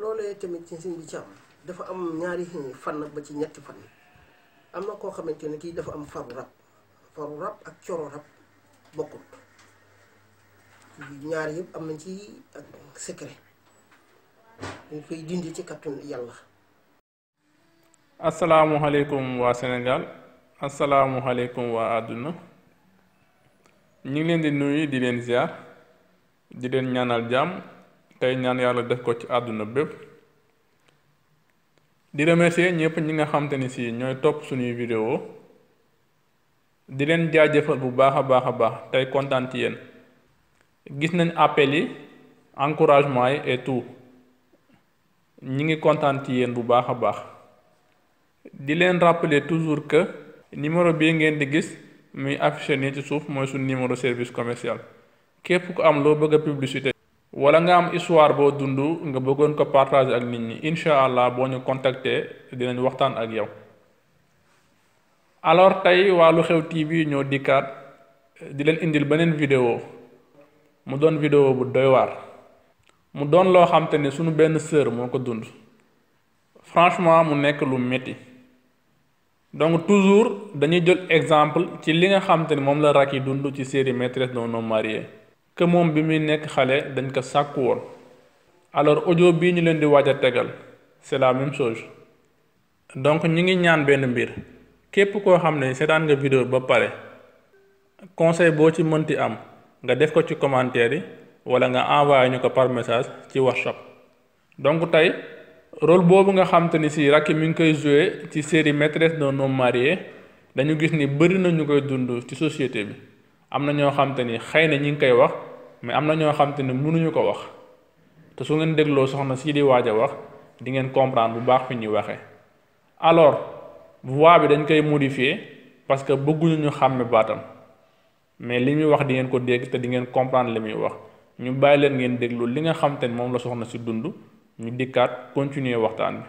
loolee tamit ci sëñ bi ci dafa am ñaari fan ba ci ñetti fan am na koo xamante ne kii dafa am faru rab faru rab ak coro rab bokkut ñaar yëpp am nañ ci ak secret dañ koy dindi ci kàttun yàlla. asalaamualeykum waa Sénégal asalaamualeykum waa àdduna ñu ngi leen di nuyu di leen ziar di leen ñaanal jàmm. tey ñaan yàlla def ko ci àdduna bépp di remercier ñëpp ñi nga xamante ni si ñooy topp suñuy vidéo di leen jaajëfal bu baax a baax a baax tey kontaan ci yéen gis nañ appel yi encouragement yi et tout ñi ngi kontaan ci yéen bu baax a baax di leen rappeler toujours que numéro bii ngeen di gis muy affiché nii ci suuf mooy suñ numéro service commercial képp ku am loo bëgg publicité wala nga am histoire boo dund nga bëggoon ko partager ak nit ñi incha allah boo ñu contacter dinañ waxtaan ak yow alors tey waa Lu Xew TV ñoo dikkaat di leen indil beneen vidéo mu doon vidéo bu doy waar mu doon loo xam te ne suñu benn sœur moo ko dund franchement mu nekk lu metti donc toujours dañuy jël exemple ci li nga xam ni moom la rak yi dund ci série maîtresse d'un homme marié que moom bi muy nekk xale dañ ko sàkku woon alors audio bii ñu leen di waaj a tegal c'est la même chose donc ñu ngi ñaan benn mbir képp koo xam ne seetaan nga vidéo ba pare conseil boo ci mënti am nga def ko ci commentaire yi wala nga envoyé ñu ko par message ci whatsapp donc tey rôle boobu nga xam te ni si Racky mi ngi koy joué ci série maîtresse de homme marié dañu gis ni bëri na ñu koy dund ci société bi am na ñoo xam te ni xëy na ñi ngi koy wax mais am na ñoo xam te ni mënuñu ko wax te su ngeen dégloo soxna si di waaj a wax di ngeen comprendre bu baax fi ñuy waxee alors voix bi dañ koy modifier parce que bëgguñu ñu xàmme baatam mais li muy wax di ngeen ko dégg te di ngeen comprendre li muy wax ñu bàyyi leen ngeen déglu li nga xam te ni moom la soxna si dund ñu dikkaat continuer waxtaan bi.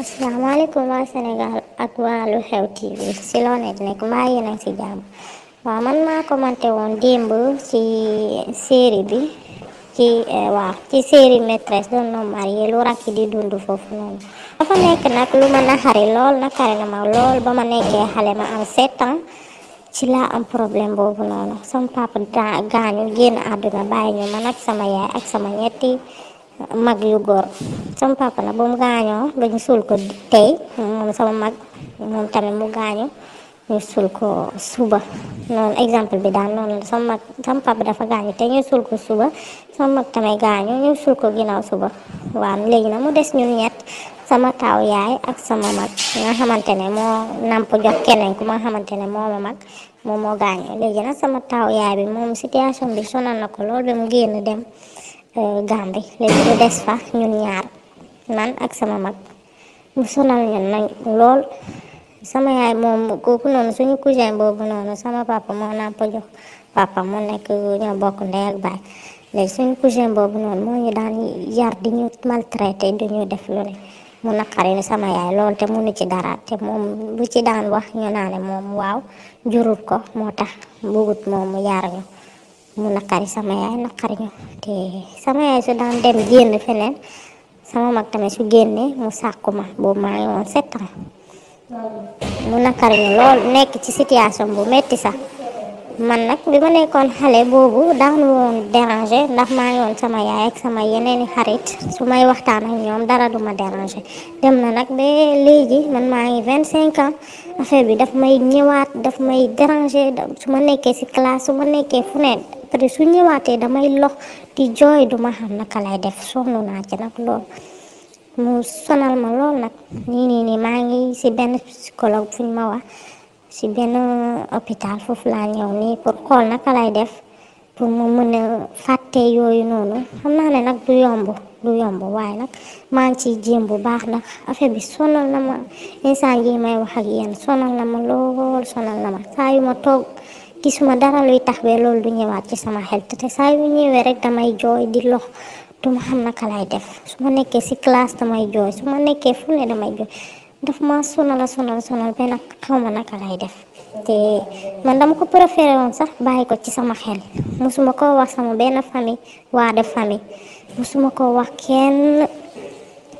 asalaamaaleykum waaw man maa commenté woon démb ci série bi ci waaw ci série maîtresse d'un homme marié lu rakk di dund foofu noonu dafa nekk nag lu ma naxari lool naxari na ma lool ba ma nekkee xale ma am sept ci laa am problème boobu noonu sama papa gaañu génn àdduna bàyyi ñu man ak sama yaay ak sama ñetti mag yu góor sama papa nag ba mu ba ñu ko tey moom sama mag moom tamit mu gaañu ñu suul ko suba noonu exemple bi daal noonu la sama mag sama dafa gaañu te ñu suul ko suba sama mag tamit gaañu ñu suul ko ginnaaw suba waaw léegi na mu des ñun ñett sama taaw yaay ak sama mag nga xamante ne moo namp jox ma xamante ne moo ma moom moo gaañu léegi sama taaw yaay bi moom situation sonal na ko lool ba mu génn dem euh, Gàmbi léegi mu ak sama mag lool. sama yaay moom kooku noonu suñu cousin boobu noonu sama papa moo po jox papa mu nekk ñoo bokk ndey ak baay léegi suñu cousin boobu noonu moo ñu daan yar di ñu maltraité du ñu def lu ne mu naqari ni sama yaay loolu te munu ci dara te moom bu ci daan wax ñu naa moom waaw jurut ko moo tax bëggut moom mu yar ñu mu naqari sama yaay naqari ñu te sama yaay su daan dem génn feneen sama mag tamit su génnee mu sàkku ma boobu maa ngi woon sept ans mu nakar ñu lool nekk ci situation bu métti sax man nag bi ma nekkoon xale boobu daan woon déranger ndax maa ngi woon sama yaay ak sama yeneeni xarit su may waxtaan ak ñoom dara du ma déranger dem na nag ba léegi man maa ngi vingt cinq ans affaire bi daf may ñëwaat daf may déranger su ma nekkee ci classe su ma nekkee fu ne après su ñëwaatee damay lox di jooy du xam naka lay def sonn naa ci nag lool mu sonal ma lool nag nii nii nii maa ngi ci benn psychologue fu ñu ma benn hôpital foofu laa ñëw nii pour xool naka lay def pour mu mën a fàtte yooyu noonu xam naa ne nag du yomb du yomb waay nag maa ngi ciy jéem bu baax nag a bi sonal na ma instant yi may wax ak yéen sonal na ma lool sonal na ma saa yu ma toog gisuma dara luy tax ba loolu du ñëwaat ci sama xel te saa yu ñëwee rek damay jooy di lox du ma xam naka laay def su ma nekkee si classe damay jooy su ma nekkee fu ne jooy daf ma sonal a sonal sonal ba nag xaw naka laay def te man dama ko préféré woon sax bàyyi ko ci sama xel ma ko wax sama benn famille waa def de famille ma ko wax kenn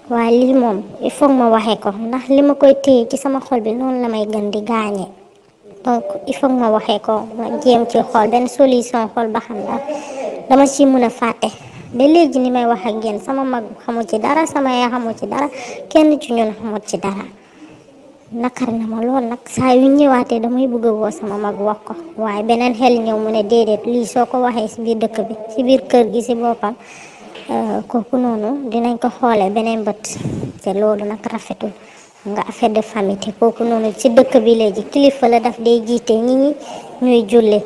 waaye lii moom il faut ma waxee ko ndax li ma koy téye ci sama xol bi noonu la may gën di gaañee donc il faut ma waxee ko ma jéem ci xool benn solution xool ba xam ndax dama ci mën ba léegi ni may wax ak yéen sama mag xamu ci dara sama yaay xamu ci dara kenn ci ñun xamu ci dara nakar na ma lool nag saa yu ñëwaatee damay bëgg a woo sama mag wax ko waaye beneen xel ñëw mu ne déedéet lii soo ko waxee si biir dëkk bi si biir kër gi si boppam euh, kooku noonu dinañ ko xoolee beneen bët te loolu nag rafetul nga affaire de famille te kooku noonu si dëkk bi léegi kilifa la daf day jiite ñi ñi ñuy julli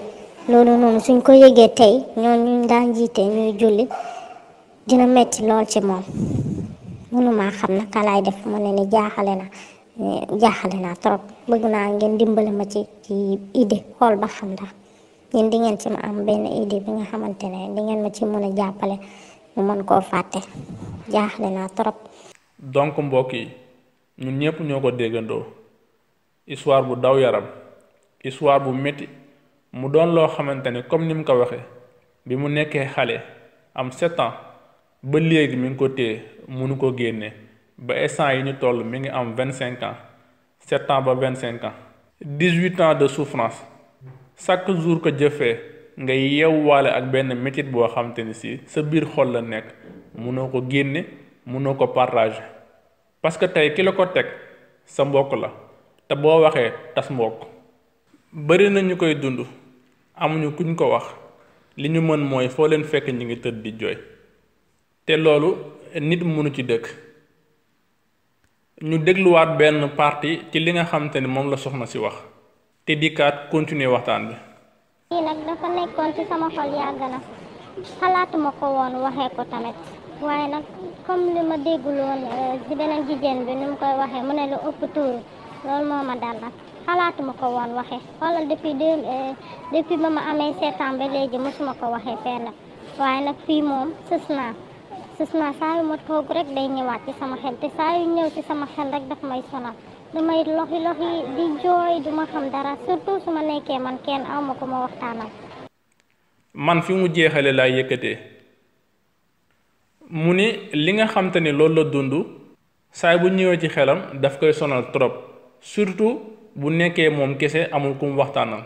loolu noonu suñ ko yëgee tey ñoo ñu daan jiite ñuy julli dina metti lool ci moom mënuma xam naka laay def mu ne ni jaaxale naa trop bëgg naa ngeen dimbale ma ci ci xool ba xam ndax ñun di ngeen ci ma am benn idée bi nga xamante ne di ngeen ma ci mën a jàppale mu mën koo fàtte jaaxle naa trop. donc mbokk yi ñun ñëpp ñoo ko déggandoo histoire bu daw yaram histoire bu métti mu doon loo xamante ne comme ni mu ko waxee bi mu nekkee xale am sept ba léegi mi ngi ko téye mënu ko génnee ba instant yi ñu toll mi ngi am vingt cinq ans sept ans ba vingt cinq ans dix huit ans de souffrance chaque jour ko jëfee nga yewwaale ak benn métit boo xam te si sa biir xol la nekk mu noo ko génne noo ko partager parce que tey ki la ko teg sa mbokk la te boo waxee tas mbokk bëri na ñu koy dund amuñu kuñ ko wax li ñu mën mooy foo leen fekk ñu ngi tëdd di jooy te loolu nit mënu ci dëkk ñu dégluwaat benn parti ci li nga xam ni moom la soxna si wax te dikaat continuer waxtaan bi lii nag dafa nekkoon ci sama xol yàgg na xalaatuma ko woon waxee ko tamit waaye nag comme li ma déggul woon si euh, beneen jigéen bi ni mu koy waxee mu ne lu ëpp tuuru loolu moo ma dal nag xalaatuma ko woon waxee xoolal depuis deux euh, depuis ba ma amee sept ba léegi mosuma ko waxee fenn waaye nag fii moom sës surtout man fi mu jeexale laay yëkkatee mu ni li nga xam ni loolu la dund saay bu ñëwee ci xelam daf koy sonal trop surtout bu nekkee moom kese amul kum waxtaanal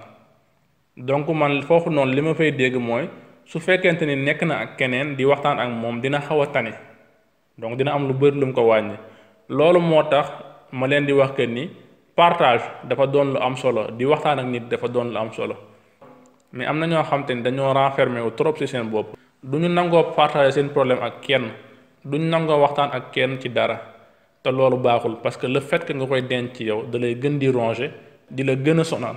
donc man foofu noonu li ma fay dégg mooy. su fekkente ni nekk na ak keneen di waxtaan ak moom dina xaw a tane donc dina am lu bëri lu ko wàññi loolu moo tax ma leen di wax que ni partage dafa doon lu am solo di waxtaan ak nit dafa doon lu am solo mais am na ñoo xam te ni dañoo renfermé wu trop ci seen bopp. du ñu nangoo partager seen problème ak kenn du ñu nangoo waxtaan ak kenn ci dara te loolu baaxul parce que le fait que nga koy denc ci yow da lay gën di ronger di la gën a sonal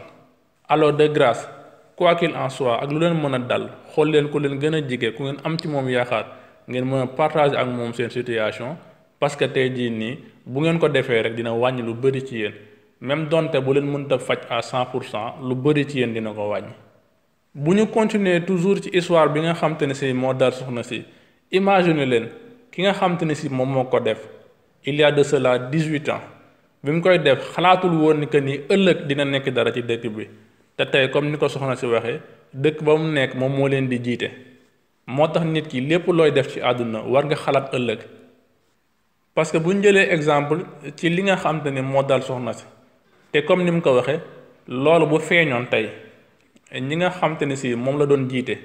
alors de grâce. quoi qu'il en soit ak lu leen mën a dal xool leen ku leen gën a jige ku ngeen am ci moom yaakaar ngeen mën a ak moom seen situation parce que tey jii nii bu ngeen ko defee rek dina wàññi lu bëri ci yéen même donte bu leen mënta faj à cent pour cent lu bëri ci yéen dina ko wàññ bu ñu continuer toujours ci histoire bi nga xam te ne si moo dal soxna si imagine leen ki nga xam ne si moom moo ko def il y a de cela dix-huit ans bi mu koy def xalaatul woon ni que ni ëllëg dina nekk dara ci dëkk te tey comme ni ko soxna si waxee dëkk ba mu nekk moom moo leen di jiite moo tax nit ki lépp looy def ci àdduna war nga xalaat ëllëg parce que bu ñu jëlee exemple ci li nga xam ne moo dal soxna si te comme ni mu ko waxee loolu bu feeñoon tey ñi nga xam ne si moom la doon jiite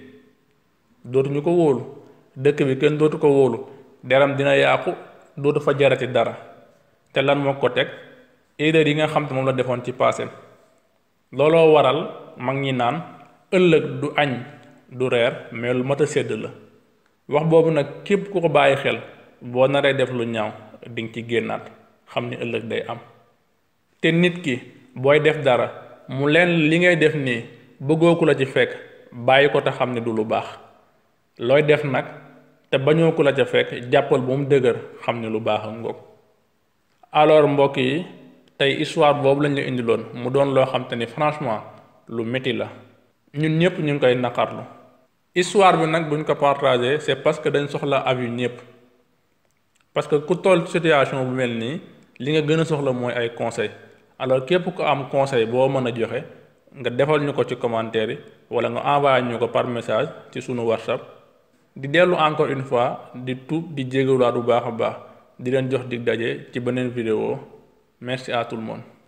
dootuñu ko wóolu dëkk bi kenn dootu ko wóolu deram dina yàqu dootu fa jarati dara te lan moo ko teg erreur yi nga xam moom la defoon ci passé looloo waral mag ñi naan ëllëg du añ du reer mais lu mat a sedd la wax boobu nag képp ku ko bàyyi xel boo naree def lu ñaaw di nga ci génnaat xam ni ëllëg day am te nit ki booy def dara mu leen li ngay def nii bëggoo ku la ci fekk bàyyi ko te xam ne du lu baax looy def nag te bañoo ku la ca fekk jàppal bu mu dëgër xam ne lu baax a ngoog alors mbokk yi tey histoire boobu lañ la indiloon mu doon loo xam ni franchement lu métti la ñun ñëpp ñu ngi koy naqarlu histoire bi nag buñ ko partagé c'est parce que dañ soxla avis ñëpp parce que ku toll situation bu mel nii li nga gën a soxla mooy ay conseil alors képp ku am conseil boo mën a joxe nga defal ñu ko ci commentaire yi wala nga envoyé ñu ko par message ci sunu whatsapp di dellu encore une fois di tuub di jégaluwaat bu baax a baax di leen jox di daje ci beneen vidéo Merci à tout le